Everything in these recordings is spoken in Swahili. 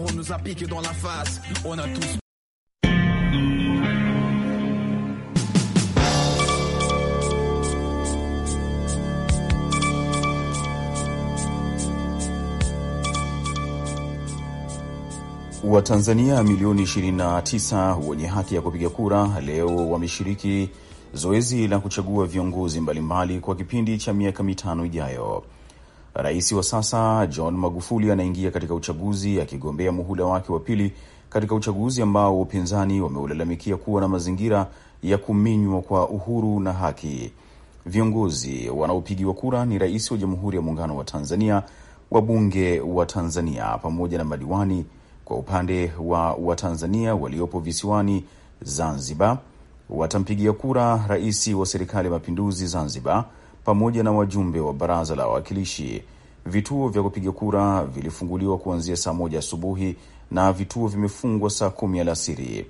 qu'on nous a piqué dans la face. On a tous Watanzania milioni 29 wenye haki ya kupiga kura leo wameshiriki zoezi la kuchagua viongozi mbalimbali kwa kipindi cha miaka mitano ijayo. Rais wa sasa John Magufuli anaingia katika uchaguzi akigombea muhula wake wa pili katika uchaguzi ambao wapinzani wameulalamikia kuwa na mazingira ya kuminywa kwa uhuru na haki. Viongozi wanaopigiwa kura ni rais wa Jamhuri ya Muungano wa Tanzania, wabunge wa Tanzania pamoja na madiwani. Kwa upande wa Watanzania waliopo visiwani Zanzibar, watampigia kura rais wa Serikali ya Mapinduzi Zanzibar pamoja na wajumbe wa baraza la wawakilishi. Vituo vya kupiga kura vilifunguliwa kuanzia saa moja asubuhi na vituo vimefungwa saa kumi alasiri.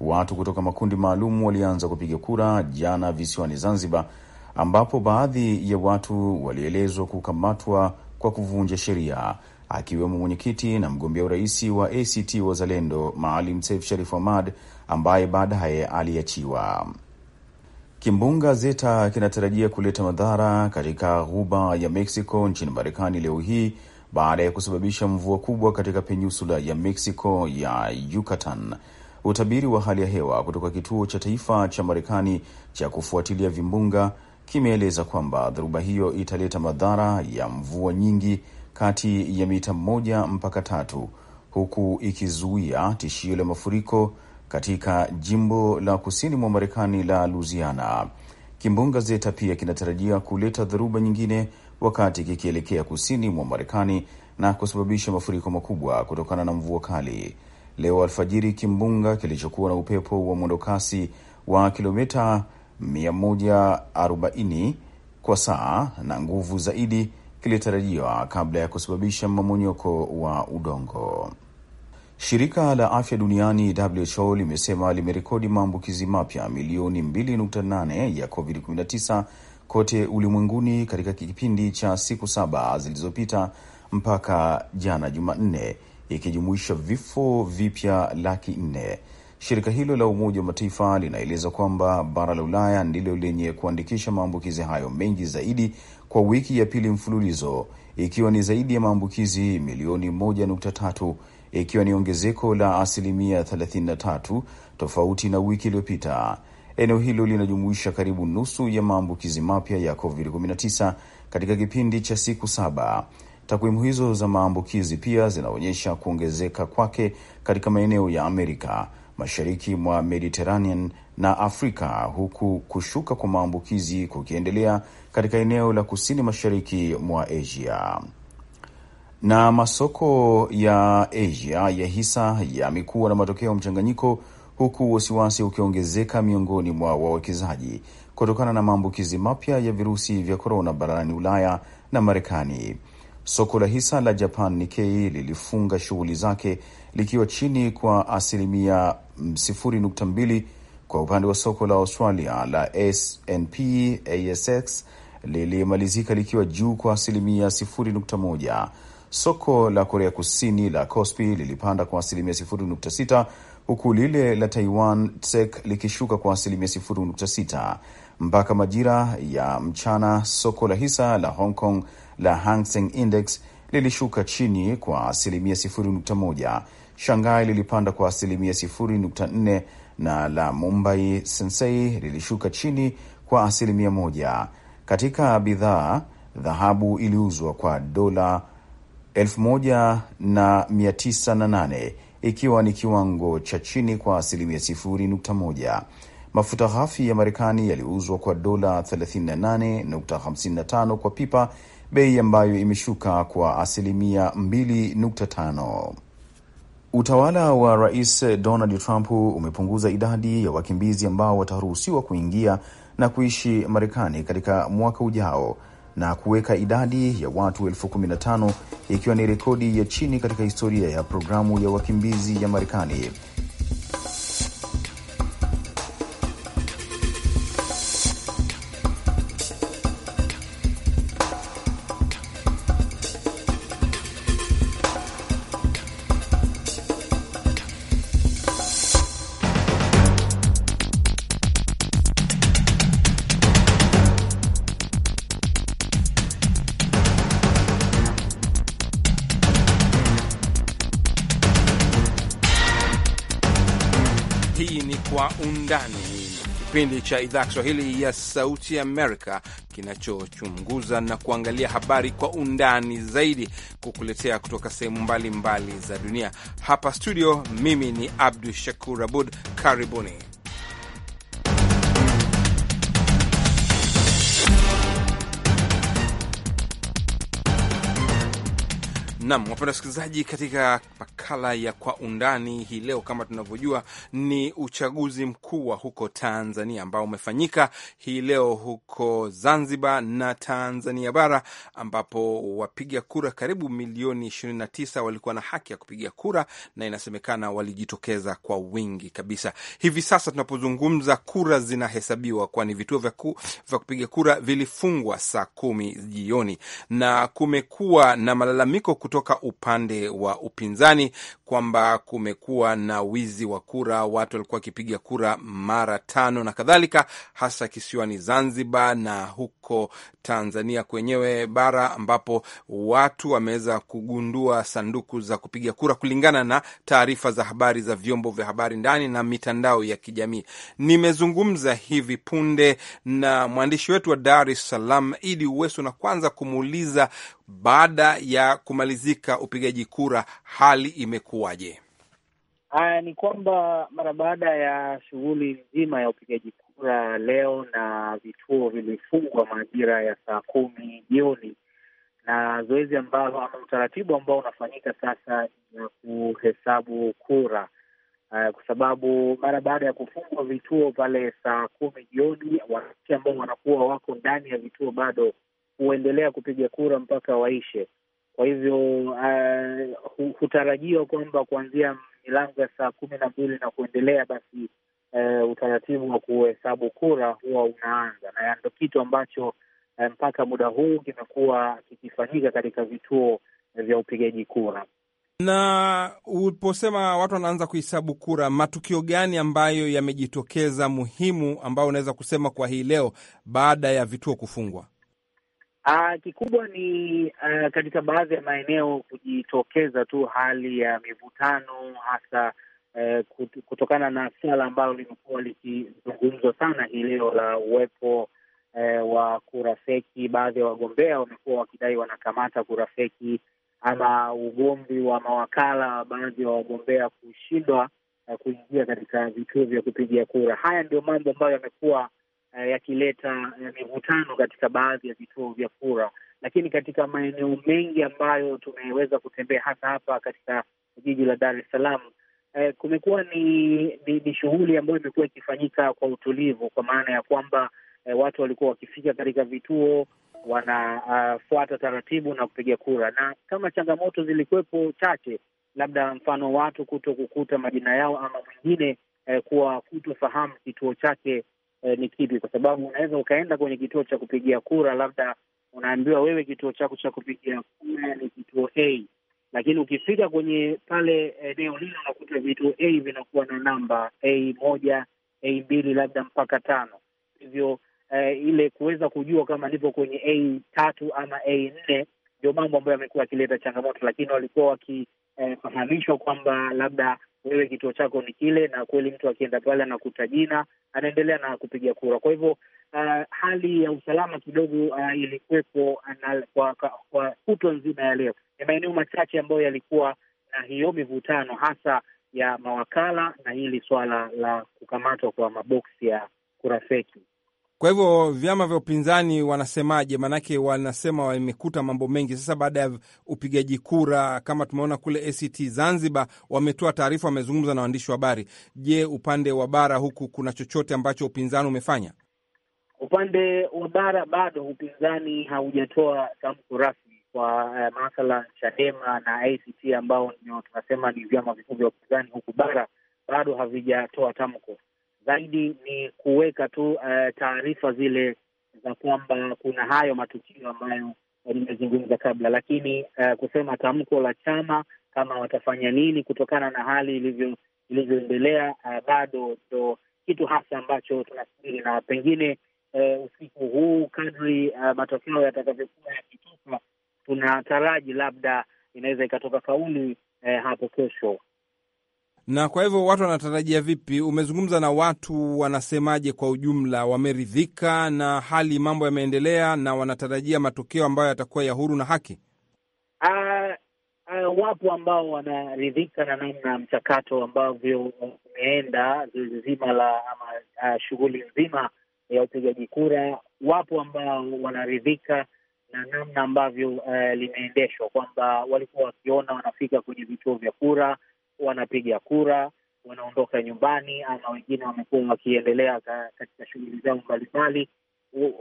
Watu kutoka makundi maalum walianza kupiga kura jana visiwani Zanzibar, ambapo baadhi ya watu walielezwa kukamatwa kwa kuvunja sheria, akiwemo mwenyekiti na mgombea urais wa ACT Wazalendo Maalim Seif Sharif Hamad ambaye baadaye aliachiwa. Kimbunga Zeta kinatarajia kuleta madhara katika ghuba ya Mexico nchini Marekani leo hii baada ya kusababisha mvua kubwa katika peninsula ya Mexico ya Yucatan. Utabiri wa hali ya hewa kutoka kituo cha taifa cha Marekani cha kufuatilia vimbunga kimeeleza kwamba dhoruba hiyo italeta madhara ya mvua nyingi kati ya mita moja mpaka tatu, huku ikizuia tishio la mafuriko katika jimbo la kusini mwa Marekani la Louisiana. Kimbunga Zeta pia kinatarajia kuleta dharuba nyingine wakati kikielekea kusini mwa Marekani na kusababisha mafuriko makubwa kutokana na mvua kali. Leo alfajiri, kimbunga kilichokuwa na upepo wa mwendokasi wa kilomita 140 kwa saa na nguvu zaidi kilitarajiwa kabla ya kusababisha mmomonyoko wa udongo. Shirika la Afya Duniani WHO limesema limerekodi maambukizi mapya milioni 2.8 ya COVID-19 kote ulimwenguni katika kipindi cha siku saba zilizopita mpaka jana Jumanne, ikijumuisha vifo vipya laki nne. Shirika hilo la Umoja wa Mataifa linaeleza kwamba bara la Ulaya ndilo lenye kuandikisha maambukizi hayo mengi zaidi kwa wiki ya pili mfululizo, ikiwa ni zaidi ya maambukizi milioni 1.3 ikiwa ni ongezeko la asilimia 33 tofauti na wiki iliyopita. Eneo hilo linajumuisha karibu nusu ya maambukizi mapya ya COVID-19 katika kipindi cha siku saba. Takwimu hizo za maambukizi pia zinaonyesha kuongezeka kwake katika maeneo ya Amerika mashariki mwa Mediterranean na Afrika, huku kushuka kwa maambukizi kukiendelea katika eneo la kusini mashariki mwa Asia na masoko ya Asia ya hisa yamekuwa na matokeo mchanganyiko, huku wasiwasi ukiongezeka miongoni mwa wawekezaji kutokana na maambukizi mapya ya virusi vya korona barani Ulaya na Marekani. Soko la hisa la Japan Nikkei lilifunga shughuli zake likiwa chini kwa asilimia 0.2. Kwa upande wa soko la Australia la SNP ASX lilimalizika likiwa juu kwa asilimia 0.1. Soko la Korea Kusini la Kospi lilipanda kwa asilimia 0.6 huku lile la Taiwan Tsek likishuka kwa asilimia 0.6 mpaka majira ya mchana. Soko la hisa la Hong Kong la Hang Seng Index lilishuka chini kwa asilimia 0.1, Shanghai lilipanda kwa asilimia 0.4 na la Mumbai Sensei lilishuka chini kwa asilimia moja. Katika bidhaa, dhahabu iliuzwa kwa dola elfu moja na mia tisa na nane ikiwa ni kiwango cha chini kwa asilimia sifuri nukta moja. Mafuta ghafi ya Marekani yaliuzwa kwa dola 38.55 kwa pipa, bei ambayo imeshuka kwa asilimia 2.5. Utawala wa Rais Donald Trump umepunguza idadi ya wakimbizi ambao wataruhusiwa kuingia na kuishi Marekani katika mwaka ujao na kuweka idadi ya watu elfu kumi na tano ikiwa ni rekodi ya chini katika historia ya programu ya wakimbizi ya Marekani. kipindi cha idhaa ya Kiswahili ya Sauti Amerika kinachochunguza na kuangalia habari kwa undani zaidi, kukuletea kutoka sehemu mbalimbali za dunia. Hapa studio, mimi ni Abdu Shakur Abud. Karibuni. Nam, wapenda wasikilizaji, katika makala ya kwa undani hii leo, kama tunavyojua, ni uchaguzi mkuu wa huko Tanzania ambao umefanyika hii leo huko Zanzibar na Tanzania bara, ambapo wapiga kura karibu milioni 29 walikuwa na haki ya kupiga kura na inasemekana walijitokeza kwa wingi kabisa. Hivi sasa tunapozungumza, kura zinahesabiwa, kwani vituo vya kupiga kura vilifungwa saa kumi jioni na kumekuwa na malalamiko kutu kutoka upande wa upinzani kwamba kumekuwa na wizi wa kura, watu walikuwa wakipiga kura mara tano na kadhalika, hasa kisiwani Zanzibar na huko Tanzania kwenyewe bara, ambapo watu wameweza kugundua sanduku za kupiga kura, kulingana na taarifa za habari za vyombo vya habari ndani na mitandao ya kijamii. Nimezungumza hivi punde na mwandishi wetu wa Dar es Salaam, Idi Uwesu, na kwanza kumuuliza baada ya kumalizika upigaji kura, hali imekuwaje? Haya, ni kwamba mara baada ya shughuli nzima ya upigaji kura leo na vituo vilifungwa majira ya saa kumi jioni, na zoezi ambalo ama utaratibu ambao unafanyika sasa ni ya kuhesabu kura Uh, kwa sababu mara baada ya kufungwa vituo pale saa kumi jioni, wananchi ambao wanakuwa wako ndani ya vituo bado huendelea kupiga kura mpaka waishe. Kwa hivyo uh, hutarajiwa kwamba kuanzia milango ya saa kumi na mbili na kuendelea basi uh, utaratibu wa kuhesabu kura huwa unaanza, na ndo kitu ambacho uh, mpaka muda huu kimekuwa kikifanyika katika vituo vya upigaji kura. Na uliposema watu wanaanza kuhesabu kura, matukio gani ambayo yamejitokeza muhimu ambayo unaweza kusema kwa hii leo baada ya vituo kufungwa? Aa, ah, kikubwa ni uh, katika baadhi ya maeneo kujitokeza tu hali ya mivutano hasa uh, kutokana na suala ambalo limekuwa likizungumzwa sana hii leo la uwepo uh, wa kura feki. Baadhi ya wagombea wamekuwa wakidai wanakamata kura feki ama ugomvi wa mawakala wa baadhi ya wagombea kushindwa uh, kuingia katika vituo vya kupigia kura. Haya ndio mambo ambayo yamekuwa eh, yakileta eh, mivutano katika baadhi ya vituo vya kura, lakini katika maeneo mengi ambayo tumeweza kutembea hasa hapa katika jiji la Dar es Salaam eh, kumekuwa ni, ni, ni shughuli ambayo imekuwa ikifanyika kwa utulivu, kwa maana ya kwamba eh, watu walikuwa wakifika katika vituo wanafuata uh, taratibu na kupiga kura, na kama changamoto zilikuwepo chache, labda mfano watu kuto kukuta majina yao ama mwingine eh, kuwa kutofahamu kituo chake Eh, ni kipi, kwa sababu unaweza ukaenda kwenye kituo cha kupigia kura, labda unaambiwa wewe kituo chako cha kupigia kura ni kituo A, lakini ukifika kwenye pale eneo lile unakuta vituo A vinakuwa na namba A moja, A mbili, labda mpaka tano. Hivyo eh, ile kuweza kujua kama nipo kwenye A tatu ama A nne ndio mambo ambayo yamekuwa yakileta changamoto, lakini walikuwa wakifahamishwa eh, kwamba labda wewe kituo chako ni kile, na kweli mtu akienda pale anakuta jina, anaendelea na kupiga kura. Kwa hivyo uh, hali ya usalama kidogo uh, ilikuwepo kwa, kwa kutwa nzima ya leo. Ni maeneo machache ambayo yalikuwa na uh, hiyo mivutano hasa ya mawakala na hili swala la kukamatwa kwa maboksi ya kura feki. Kwa hivyo vyama vya upinzani wanasemaje? Maanake wanasema wamekuta mambo mengi. Sasa baada ya upigaji kura, kama tumeona kule ACT Zanzibar, wametoa taarifa, wamezungumza na waandishi wa habari. Je, upande wa bara huku kuna chochote ambacho upinzani umefanya? Upande wa bara bado upinzani haujatoa tamko rasmi kwa uh, eh, mathalan Chadema na ACT ambao ndio tunasema ni vyama vikuu vya upinzani huku bara, bado havijatoa tamko zaidi ni kuweka tu uh, taarifa zile za kwamba kuna hayo matukio ambayo nimezungumza kabla, lakini uh, kusema tamko la chama kama watafanya nini kutokana na hali ilivyo ilivyoendelea uh, bado ndo kitu hasa ambacho tunasubiri, na pengine uh, usiku huu kadri uh, matokeo yatakavyokuwa yakitoka, tunataraji labda inaweza ikatoka kauli uh, hapo kesho na kwa hivyo watu wanatarajia vipi? Umezungumza na watu, wanasemaje kwa ujumla? Wameridhika na hali mambo yameendelea, na wanatarajia matokeo ambayo yatakuwa ya huru na haki? Uh, uh, wapo ambao wanaridhika na namna mchakato ambavyo umeenda, zoezi zima la ama, uh, shughuli nzima ya upigaji kura. Wapo ambao wanaridhika na namna ambavyo uh, limeendeshwa, kwamba walikuwa wakiona wanafika kwenye vituo vya kura wanapiga kura, wanaondoka nyumbani, ama wengine wamekuwa wakiendelea katika shughuli zao mbalimbali,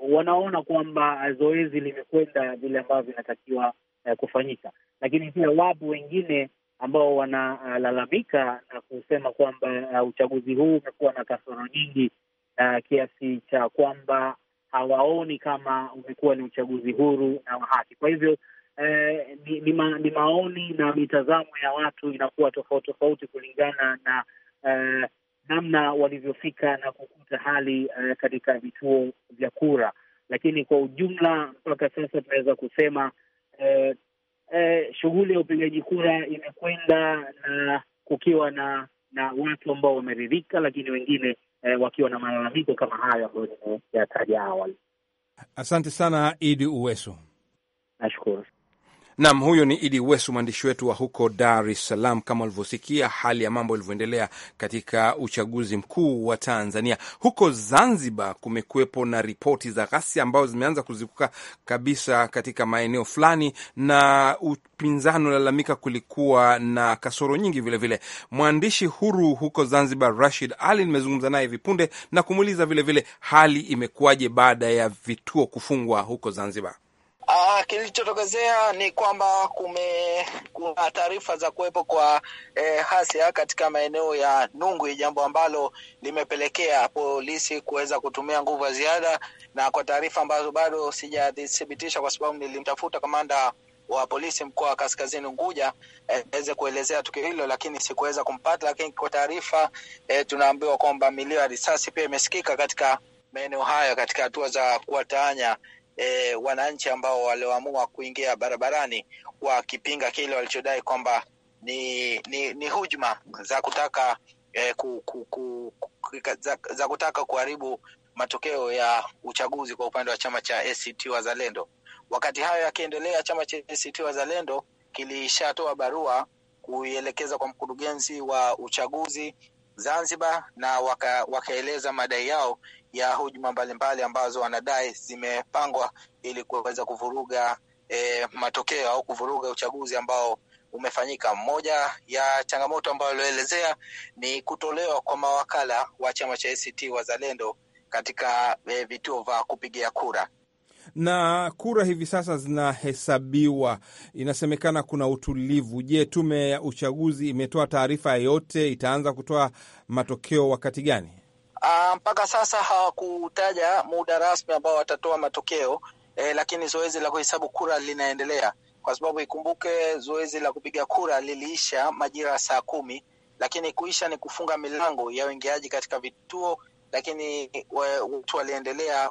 wanaona kwamba zoezi limekwenda vile ambavyo vinatakiwa eh, kufanyika. Lakini pia wapo wengine ambao wanalalamika na kusema kwamba uh, uchaguzi huu umekuwa na kasoro nyingi uh, kiasi cha kwamba hawaoni kama umekuwa ni uchaguzi huru na wa haki. Kwa hivyo Eh, ni, ni, ma, ni maoni na mitazamo ya watu inakuwa tofauti tofauti kulingana na eh, namna walivyofika na kukuta hali eh, katika vituo vya kura, lakini kwa ujumla mpaka sasa tunaweza kusema eh, eh, shughuli ya upigaji kura imekwenda na kukiwa na na watu ambao wameridhika, lakini wengine eh, wakiwa na malalamiko kama hayo ambayo nimeyataja awali. Asante sana Idi Uweso, nashukuru. Nam, huyo ni Idi Wesu, mwandishi wetu wa huko Dar es Salaam. Kama ulivyosikia hali ya mambo ilivyoendelea katika uchaguzi mkuu wa Tanzania. Huko Zanzibar kumekuwepo na ripoti za ghasia ambazo zimeanza kuzikuka kabisa katika maeneo fulani, na upinzani unalalamika kulikuwa na kasoro nyingi vilevile vile. Mwandishi huru huko Zanzibar Rashid Ali nimezungumza naye hivi punde na kumuuliza vilevile hali imekuwaje baada ya vituo kufungwa huko Zanzibar. Ah, kilichotokezea ni kwamba kume, kuna taarifa za kuwepo kwa eh, hasia katika maeneo ya Nungwi, jambo ambalo limepelekea polisi kuweza kutumia nguvu ya ziada, na kwa taarifa ambazo bado sijathibitisha kwa sababu nilimtafuta kamanda wa polisi mkoa wa Kaskazini Unguja eh, aweze eh, kuelezea tukio hilo, lakini sikuweza kumpata. Lakini kwa taarifa eh, tunaambiwa kwamba milio ya risasi pia imesikika katika maeneo hayo katika hatua za kuwatanya e, wananchi ambao walioamua kuingia barabarani wakipinga kile walichodai kwamba ni, ni, ni hujuma za kutaka e, ku, ku, ku, za, za kutaka kuharibu matokeo ya uchaguzi kwa upande wa chama cha ACT Wazalendo. Wakati hayo yakiendelea, chama cha ACT Wazalendo kilishatoa barua kuielekeza kwa mkurugenzi wa uchaguzi Zanzibar na wakaeleza waka madai yao ya hujuma mbalimbali ambazo wanadai zimepangwa ili kuweza kuvuruga e, matokeo au kuvuruga uchaguzi ambao umefanyika. Moja ya changamoto ambayo alioelezea ni kutolewa kwa mawakala wa chama cha ACT Wazalendo katika e, vituo vya kupigia kura na kura hivi sasa zinahesabiwa, inasemekana kuna utulivu. Je, tume ya uchaguzi imetoa taarifa yoyote? Itaanza kutoa matokeo wakati gani? Uh, mpaka sasa hawakutaja muda rasmi ambao watatoa matokeo eh, lakini zoezi la kuhesabu kura linaendelea kwa sababu ikumbuke, zoezi la kupiga kura liliisha majira ya saa kumi, lakini kuisha ni kufunga milango ya uingiaji katika vituo, lakini watu waliendelea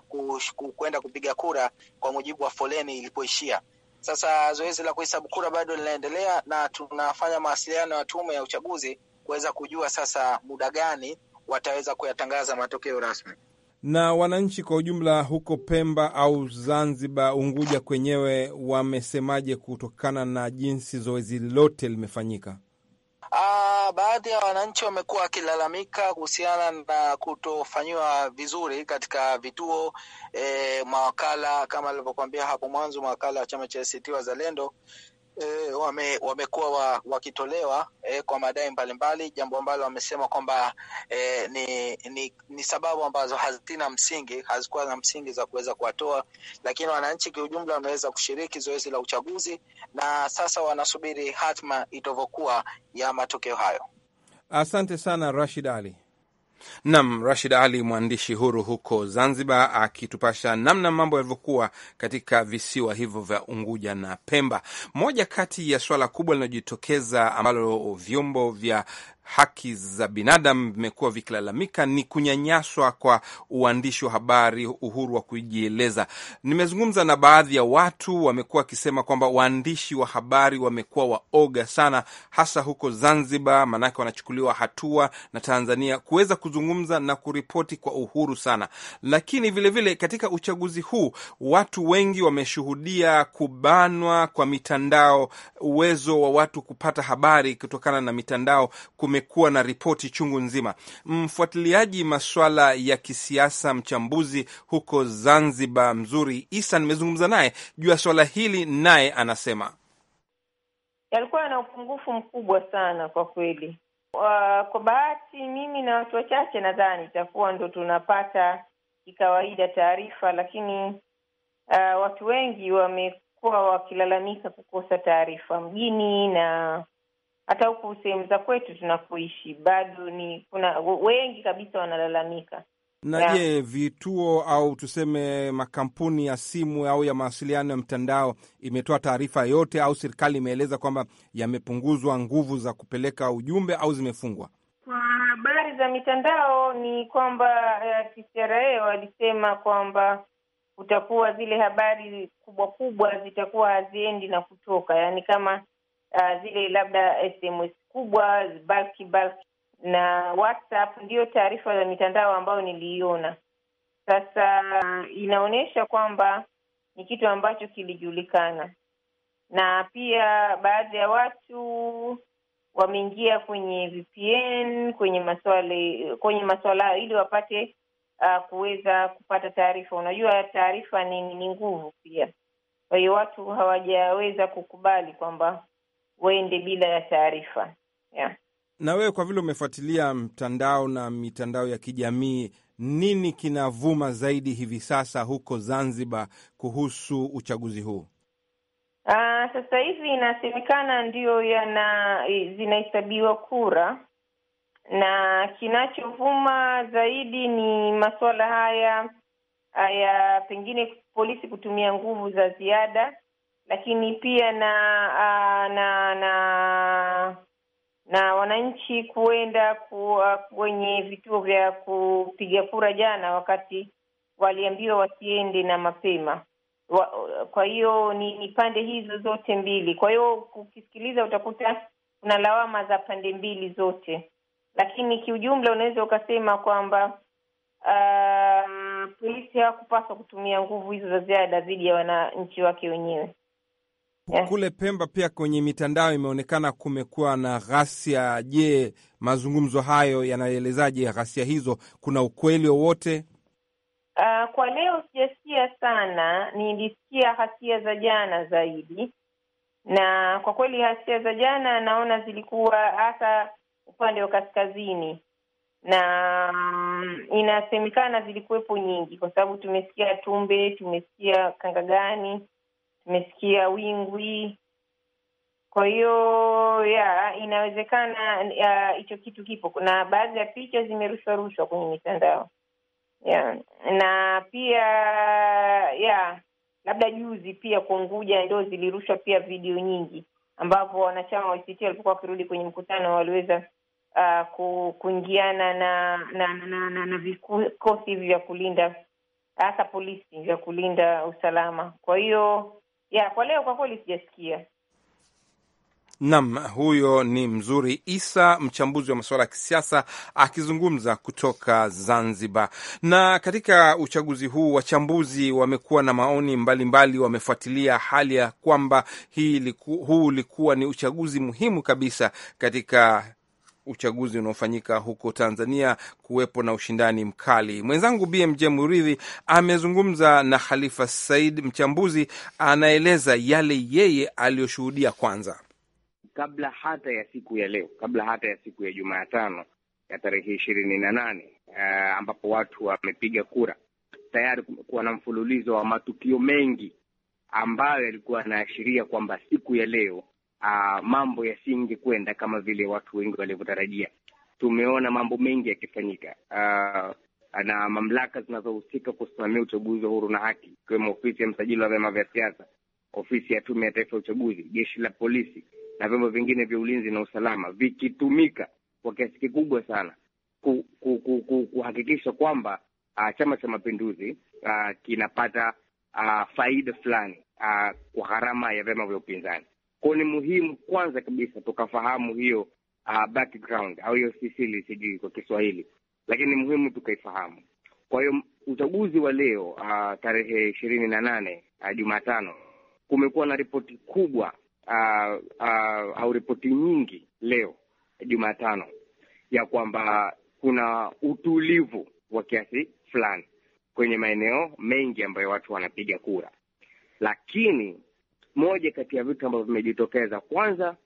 kwenda kupiga kura kwa mujibu wa foleni ilipoishia. Sasa zoezi la kuhesabu kura bado linaendelea na tunafanya mawasiliano ya tume ya uchaguzi kuweza kujua sasa muda gani wataweza kuyatangaza matokeo rasmi. Na wananchi kwa ujumla huko Pemba au Zanzibar, Unguja kwenyewe wamesemaje kutokana na jinsi zoezi lote limefanyika? Aa, ah, baadhi ya wananchi wamekuwa wakilalamika kuhusiana na kutofanyiwa vizuri katika vituo e, mawakala kama alivyokuambia hapo mwanzo, mawakala wa chama cha ACT Wazalendo e, wame, wamekuwa wakitolewa e, kwa madai mbalimbali, jambo ambalo wamesema kwamba e, ni, ni, ni sababu ambazo hazina msingi, hazikuwa na msingi za kuweza kuwatoa, lakini wananchi kiujumla wameweza kushiriki zoezi la uchaguzi na sasa wanasubiri hatma itavyokuwa ya matokeo hayo. Asante sana Rashid Ali. Nam Rashid Ali, mwandishi huru huko Zanzibar, akitupasha namna mambo yalivyokuwa katika visiwa hivyo vya Unguja na Pemba. Moja kati ya swala kubwa linalojitokeza ambalo vyombo vya haki za binadamu vimekuwa vikilalamika ni kunyanyaswa kwa uandishi wa habari, uhuru wa kujieleza. Nimezungumza na baadhi ya watu, wamekuwa wakisema kwamba waandishi wa habari wamekuwa waoga sana, hasa huko Zanzibar, maanake wanachukuliwa hatua na Tanzania kuweza kuzungumza na kuripoti kwa uhuru sana. Lakini vilevile vile, katika uchaguzi huu watu wengi wameshuhudia kubanwa kwa mitandao, uwezo wa watu kupata habari kutokana na mitandao kum kumekuwa na ripoti chungu nzima. Mfuatiliaji maswala ya kisiasa, mchambuzi huko Zanzibar, Mzuri Isa, nimezungumza naye juu ya swala hili, naye anasema yalikuwa na upungufu mkubwa sana kwa kweli. Uh, kwa bahati mimi na watu wachache nadhani itakuwa ndo tunapata kikawaida taarifa, lakini uh, watu wengi wamekuwa wakilalamika kukosa taarifa mjini na hata huku sehemu za kwetu tunakoishi bado ni kuna wengi kabisa wanalalamika. Na je, vituo au tuseme makampuni ya simu au ya mawasiliano ya mtandao imetoa taarifa yote au serikali imeeleza kwamba yamepunguzwa nguvu za kupeleka ujumbe au zimefungwa? Kwa habari za mitandao ni kwamba eh, TCRA walisema kwamba kutakuwa zile habari kubwa kubwa zitakuwa haziendi na kutoka, yaani kama uh, zile labda eh, SMS kubwa bulky bulky na WhatsApp ndiyo taarifa za mitandao ambayo niliiona. Sasa inaonyesha kwamba ni kitu ambacho kilijulikana, na pia baadhi ya watu wameingia kwenye VPN kwenye maswali, kwenye maswala ili wapate uh, kuweza kupata taarifa. Unajua, taarifa ni ni nguvu pia. Kwa hiyo watu hawajaweza kukubali kwamba waende bila ya taarifa yeah. Na wewe kwa vile umefuatilia mtandao na mitandao ya kijamii, nini kinavuma zaidi hivi sasa huko Zanzibar kuhusu uchaguzi huu? Aa, ah, sasa hivi inasemekana ndio yana eh, zinahesabiwa kura, na kinachovuma zaidi ni masuala haya ya pengine polisi kutumia nguvu za ziada lakini pia na uh, na na na wananchi kuenda ku, kwenye vituo vya kupiga kura jana, wakati waliambiwa wasiende na mapema wa, kwa hiyo ni, ni pande hizo zote mbili. Kwa hiyo ukisikiliza utakuta kuna lawama za pande mbili zote, lakini kiujumla unaweza ukasema kwamba um, polisi hawakupaswa kutumia nguvu hizo za ziada dhidi ya wananchi wake wenyewe yeah. Kule Pemba pia kwenye mitandao imeonekana kumekuwa na ghasia. Je, mazungumzo hayo yanaelezaje ghasia hizo? Kuna ukweli wowote? Uh, kwa leo sijasikia sana, nilisikia ghasia za jana zaidi, na kwa kweli ghasia za jana naona zilikuwa hasa upande wa kaskazini na um, inasemekana zilikuwepo nyingi, kwa sababu tumesikia Tumbe, tumesikia Kangagani nimesikia wingwi. Kwa hiyo ya inawezekana hicho kitu kipo, na baadhi ya picha zimerushwa rushwa kwenye mitandao na pia ya labda juzi pia nguja ndo zilirushwa pia video nyingi ambapo wanachama wa ICT walipokuwa wakirudi kwenye mkutano waliweza uh, kuingiana na na, na, na, na, na vikosi hivi vya kulinda hasa polisi vya kulinda usalama. Kwa hiyo ya kwa leo kwa kweli sijasikia. Naam, huyo ni Mzuri Isa, mchambuzi wa masuala ya kisiasa akizungumza kutoka Zanzibar. Na katika uchaguzi huu wachambuzi wamekuwa na maoni mbalimbali mbali, wamefuatilia hali ya kwamba hii liku, huu ulikuwa ni uchaguzi muhimu kabisa katika uchaguzi unaofanyika huko Tanzania kuwepo na ushindani mkali. Mwenzangu BMJ Muridhi amezungumza na Khalifa Said, mchambuzi, anaeleza yale yeye aliyoshuhudia. Kwanza, kabla hata ya siku ya leo, kabla hata ya siku ya Jumatano ya tarehe ishirini na nane uh, ambapo watu wamepiga kura tayari, kumekuwa na mfululizo wa matukio mengi ambayo yalikuwa yanaashiria kwamba siku ya leo uh, mambo yasingekwenda kama vile watu wengi walivyotarajia. Tumeona mambo mengi yakifanyika uh, na mamlaka zinazohusika kusimamia uchaguzi wa huru na haki, ikiwemo ofisi ya msajili wa vyama vya siasa, ofisi ya tume ya taifa ya uchaguzi, jeshi la polisi na vyombo vingine vya ulinzi na usalama, vikitumika kwa kiasi kikubwa sana kuhakikisha kwamba uh, Chama cha Mapinduzi uh, kinapata uh, faida fulani uh, kwa gharama ya vyama vya upinzani. Kwao ni muhimu kwanza kabisa tukafahamu hiyo uh, background au hiyo sisili, sijui kwa Kiswahili, lakini ni muhimu tukaifahamu. Kwa hiyo uchaguzi wa leo uh, tarehe ishirini na nane uh, Jumatano, kumekuwa na ripoti kubwa uh, uh, au ripoti nyingi leo Jumatano ya kwamba kuna utulivu wa kiasi fulani kwenye maeneo mengi ambayo watu wanapiga kura, lakini moja kati ya vitu ambavyo vimejitokeza, kwanza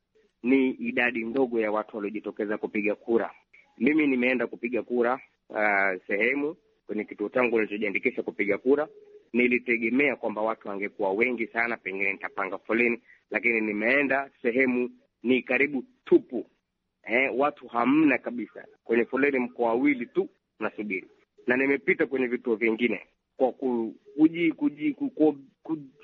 ni idadi ndogo ya watu waliojitokeza kupiga kura. Mimi nimeenda kupiga kura uh, sehemu kwenye kituo changu nilichojiandikisha kupiga kura. Nilitegemea kwamba watu wangekuwa wengi sana, pengine nitapanga foleni, lakini nimeenda sehemu ni karibu tupu, eh, watu hamna kabisa. Kwenye foleni mko wawili tu nasubiri, na nimepita kwenye vituo vingine kwa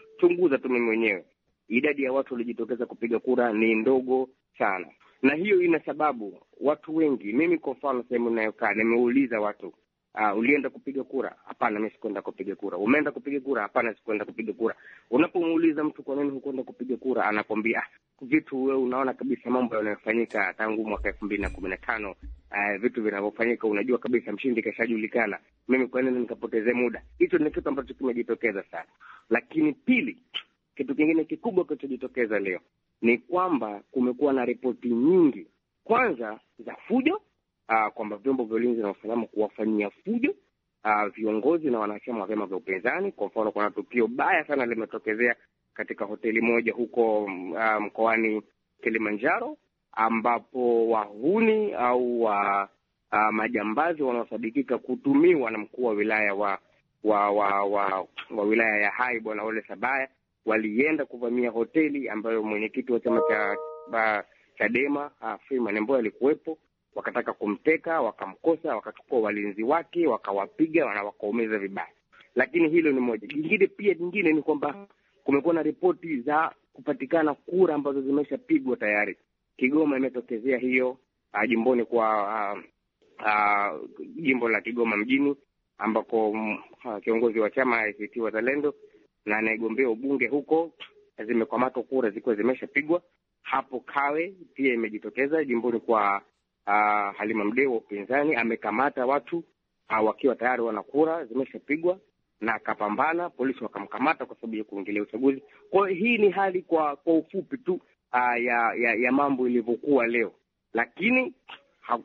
kuchunguza tu mimi mwenyewe idadi ya watu waliojitokeza kupiga kura ni ndogo sana, na hiyo ina sababu. Watu wengi, mimi kwa mfano, sehemu inayokaa nimeuliza watu Uh, ulienda kupiga kura? Hapana, mi sikuenda kupiga kura. Umeenda kupiga kura? Hapana, sikuenda kupiga kura. Unapomuuliza mtu kwa nini hukuenda kupiga kura, anakwambia ah, vitu wewe unaona kabisa mambo yanayofanyika tangu mwaka elfu mbili na kumi na tano uh, vitu vinavyofanyika, unajua kabisa mshindi kashajulikana, mimi kwa nini nikapoteze muda? Hicho ni kitu ambacho kimejitokeza sana. Lakini pili, kitu kingine kikubwa kilichojitokeza leo ni kwamba kumekuwa na ripoti nyingi, kwanza za fujo, ah, kwamba vyombo vya ulinzi na usalama kuwafanyia fujo Uh, viongozi na wanachama wa vyama vya upinzani. Kwa mfano, kuna tukio baya sana limetokezea katika hoteli moja huko uh, mkoani Kilimanjaro, ambapo wahuni au uh, uh, majambazi wanaosadikika kutumiwa na mkuu wa wilaya wa wa, wa, wa wa wilaya ya Hai Bwana Ole Sabaya walienda kuvamia hoteli ambayo mwenyekiti wa chama cha Chadema ah, Freeman Mbowe alikuwepo, wakataka kumteka, wakamkosa, wakachukua walinzi wake, wakawapiga na wakaumiza vibaya. Lakini hilo ni moja. Jingine pia jingine ni kwamba kumekuwa na ripoti za kupatikana kura ambazo zimeshapigwa tayari. Kigoma imetokezea hiyo ah, jimboni kwa ah, jimbo la Kigoma mjini ambako mm, kiongozi wa chama ACT Wazalendo na anayegombea ubunge huko zimekamatwa, kura zikiwa zimeshapigwa. Hapo Kawe pia imejitokeza jimboni kwa uh, Halima Mdee wa upinzani amekamata watu uh, wakiwa tayari wana kura zimeshapigwa na akapambana, polisi wakamkamata kwa sababu ya kuingilia uchaguzi. Kwa hiyo hii ni hali kwa kwa ufupi tu uh, ya, ya ya mambo ilivyokuwa leo, lakini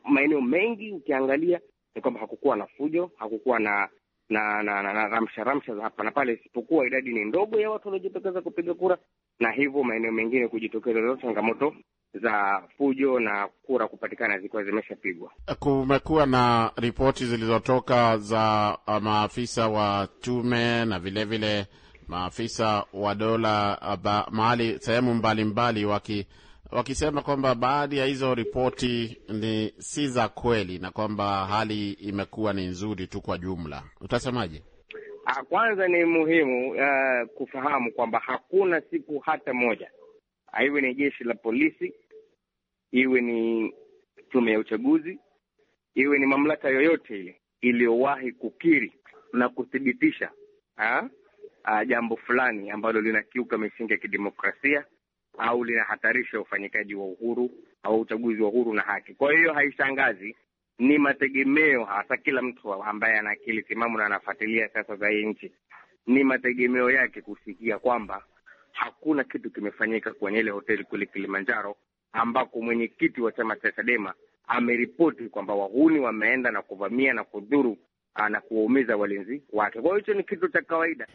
maeneo mengi ukiangalia ni kwamba hakukuwa na fujo, hakukuwa na na na, na, na ramsha ramsha za hapa na pale, isipokuwa idadi ni ndogo ya watu waliojitokeza kupiga kura, na hivyo maeneo mengine kujitokeza zote changamoto za fujo na kura kupatikana zilikuwa zimeshapigwa. Kumekuwa na ripoti zilizotoka za uh, maafisa wa tume na vilevile vile maafisa wa dola uh, mahali sehemu mbalimbali waki wakisema kwamba baadhi ya hizo ripoti ni si za kweli na kwamba hali imekuwa ni nzuri tu kwa jumla. Utasemaje? Ah, kwanza ni muhimu uh, kufahamu kwamba hakuna siku hata moja, iwe ni jeshi la polisi, iwe ni tume ya uchaguzi, iwe ni mamlaka yoyote ile iliyowahi kukiri na kuthibitisha Uh, jambo fulani ambalo linakiuka misingi ya kidemokrasia au linahatarisha ufanyikaji wa uhuru au uchaguzi wa uhuru na haki. Kwa hiyo haishangazi, ni mategemeo hasa, kila mtu ambaye ana akili timamu na anafuatilia siasa za hii nchi, ni mategemeo yake kusikia kwamba hakuna kitu kimefanyika kwenye ile hoteli kule Kilimanjaro ambako mwenyekiti wa chama cha Chadema ameripoti kwamba wahuni wameenda na kuvamia na kudhuru na kuwaumiza walinzi wake. Kwa hiyo hicho ni kitu cha kawaida.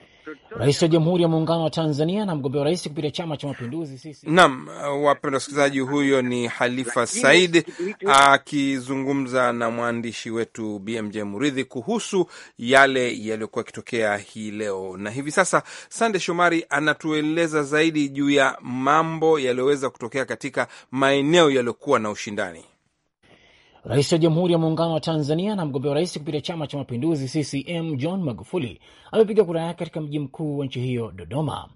Rais wa Jamhuri ya Muungano wa Tanzania na mgombea wa rais kupitia Chama cha Mapinduzi sisi. Naam, uh, wapenda wasikilizaji, huyo ni Halifa Said akizungumza na mwandishi wetu BMJ Muridhi kuhusu yale yaliyokuwa yakitokea hii leo, na hivi sasa Sande Shomari anatueleza zaidi juu ya mambo yaliyoweza kutokea katika maeneo yaliyokuwa na ushindani. Rais wa Jamhuri ya Muungano wa Tanzania na mgombea wa rais kupitia Chama cha Mapinduzi CCM John Magufuli amepiga kura yake katika mji mkuu wa nchi hiyo Dodoma,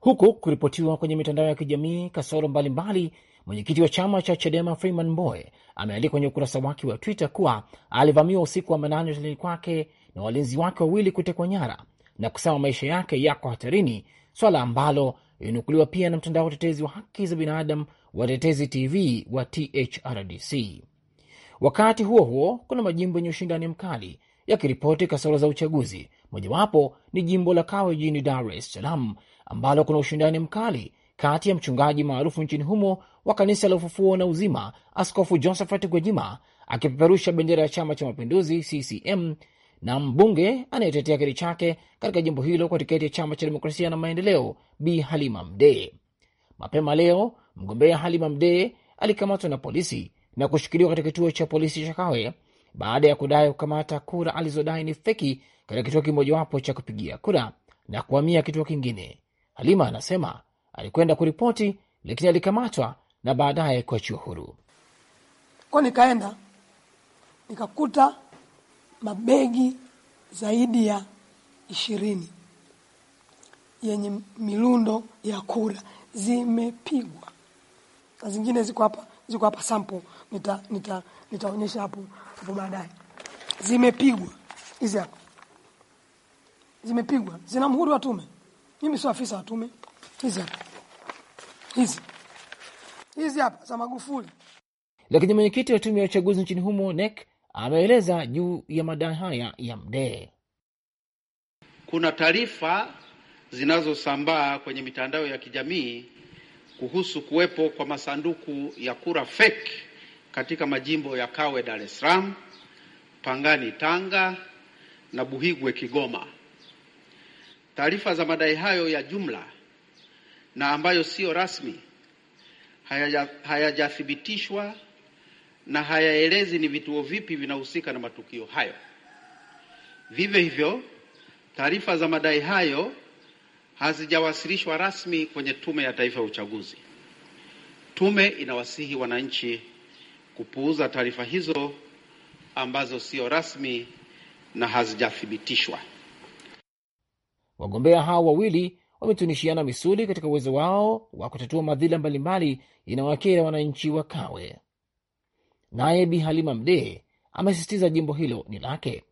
huku kuripotiwa kwenye mitandao ya kijamii kasoro mbalimbali. Mwenyekiti wa chama cha Chadema Freeman Mbowe ameandika kwenye ukurasa wake wa Twitter kuwa alivamiwa usiku wa manane hotelini kwake na walinzi wake wawili kutekwa nyara na kusema maisha yake yako hatarini, swala ambalo linukuliwa pia na mtandao wa utetezi wa haki za binadamu Watetezi TV wa THRDC. Wakati huo huo, kuna majimbo yenye ushindani mkali yakiripoti kasoro za uchaguzi. Mojawapo ni jimbo la Kawe jijini Dar es Salaam, ambalo kuna ushindani mkali kati ya mchungaji maarufu nchini humo wa kanisa la Ufufuo na Uzima, Askofu Josephat Gwajima akipeperusha bendera ya Chama cha Mapinduzi CCM na mbunge anayetetea kiti chake katika jimbo hilo kwa tiketi ya Chama cha Demokrasia na Maendeleo, Bi Halima Mdee. Mapema leo mgombea Halima Mdee alikamatwa na polisi na kushikiliwa katika kituo cha polisi cha Kawe baada ya kudai kukamata kura alizodai ni feki katika kituo kimojawapo cha kupigia kura na kuhamia kituo kingine. Halima anasema alikwenda kuripoti, lakini alikamatwa na baadaye kuachiwa huru. Kwa nikaenda nikakuta mabegi zaidi ya ishirini yenye milundo ya kura zimepigwa, na zingine ziko hapa, ziko hapa sample nitaonyesha nita, nita hapo hapo baadaye. Zimepigwa hizi hapa, zimepigwa zina muhuri wa tume. Mimi sio afisa wa tume. Hizi hapa hizi hizi hapa za Magufuli. Lakini mwenyekiti wa tume ya uchaguzi nchini humo NEC ameeleza juu ya madai haya ya Mdee. Kuna taarifa zinazosambaa kwenye mitandao ya kijamii kuhusu kuwepo kwa masanduku ya kura feki katika majimbo ya Kawe Dar es Salaam, Pangani Tanga na Buhigwe Kigoma. Taarifa za madai hayo ya jumla na ambayo siyo rasmi hayajathibitishwa haya na hayaelezi ni vituo vipi vinahusika na matukio hayo. Vivyo hivyo, taarifa za madai hayo hazijawasilishwa rasmi kwenye Tume ya Taifa ya Uchaguzi. Tume inawasihi wananchi kupuuza taarifa hizo ambazo sio rasmi na hazijathibitishwa. Wagombea hao wawili wametunishiana misuli katika uwezo wao wa kutatua madhila mbalimbali inawakera wananchi wa Kawe. Naye Bi Halima Mdee amesisitiza jimbo hilo ni lake.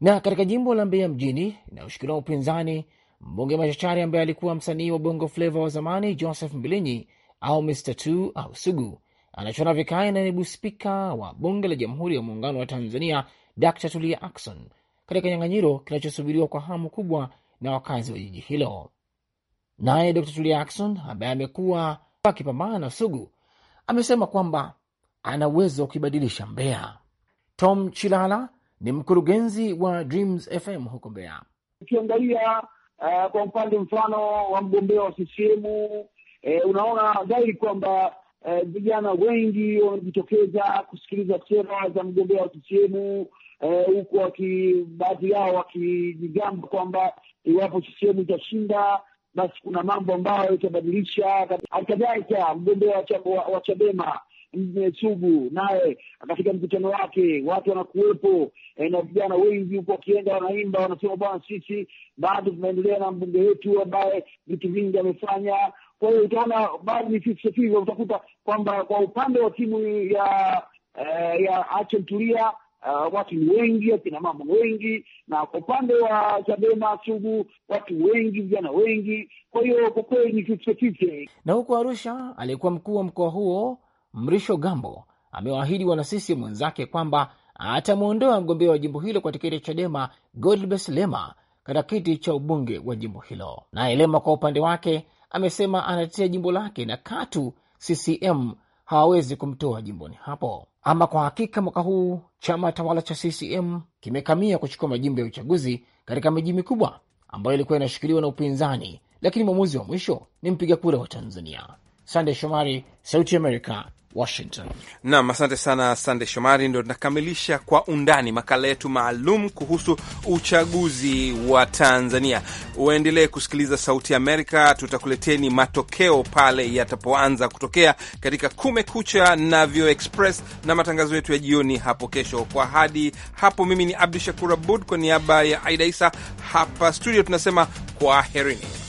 Na katika jimbo la Mbeya mjini inayoshikiliwa upinzani, mbunge machachari ambaye alikuwa msanii wa bongo fleva wa zamani Joseph Mbilinyi au Mr2 au Sugu anachona vikali na naibu spika wa bunge la Jamhuri ya Muungano wa Tanzania Dr. Tulia Akson katika kinyang'anyiro kinachosubiriwa kwa hamu kubwa na wakazi wa jiji hilo. Naye Dr. Tulia Akson ambaye amekuwa akipambana na Sugu amesema kwamba ana uwezo wa kuibadilisha Mbeya. Tom Chilala ni mkurugenzi wa Dreams FM huko Mbeya. Ukiangalia uh, kwa upande mfano wa mgombea wa CCM eh, unaona dhahiri kwamba Eh, vijana uh, wengi wamejitokeza kusikiliza sera za mgombea wa CCM eh, huku uh, baadhi yao wakijigamba kwamba iwapo CCM itashinda basi kuna mambo ambayo itabadilisha. Halikadhalika, mgombea wa Chadema Sugu naye katika mkutano wake watu wanakuwepo e, na vijana wengi huko wakienda wanaimba, wanasema bwana, sisi bado tunaendelea na mbunge wetu ambaye vitu vingi amefanya, kwa hiyo utaona bado ni fifty fifty, utakuta kwamba kwa upande wa timu ya uh, ya achentulia uh, eh, watu ni wengi, akina mama wengi, na kwa upande wa Chadema Sugu watu wengi, vijana wengi. Kwa hiyo kwa kweli ni fifty Na huko Arusha, aliyekuwa mkuu wa mkoa huo Mrisho Gambo amewaahidi wanasisi mwenzake kwamba atamwondoa mgombea wa jimbo hilo kwa tiketi ya Chadema Godbless Lema katika kiti cha ubunge wa jimbo hilo. Naye Lema kwa upande wake amesema anatetea jimbo lake na katu CCM hawawezi kumtoa jimboni hapo. Ama kwa hakika, mwaka huu chama tawala cha CCM kimekamia kuchukua majimbo ya uchaguzi katika miji mikubwa ambayo ilikuwa inashikiliwa na upinzani, lakini mwamuzi wa mwisho ni mpiga kura wa Tanzania. Sande Shomari, Sauti Amerika, Washington. Naam, asante sana Sande Shomari. Ndo tunakamilisha kwa undani makala yetu maalum kuhusu uchaguzi wa Tanzania. Uendelee kusikiliza Sauti Amerika, tutakuleteni matokeo pale yatapoanza kutokea katika Kumekucha na Vio Express na matangazo yetu ya jioni hapo kesho. Kwa hadi hapo, mimi ni Abdu Shakur Abud kwa niaba ya Aida Isa hapa studio tunasema kwaherini.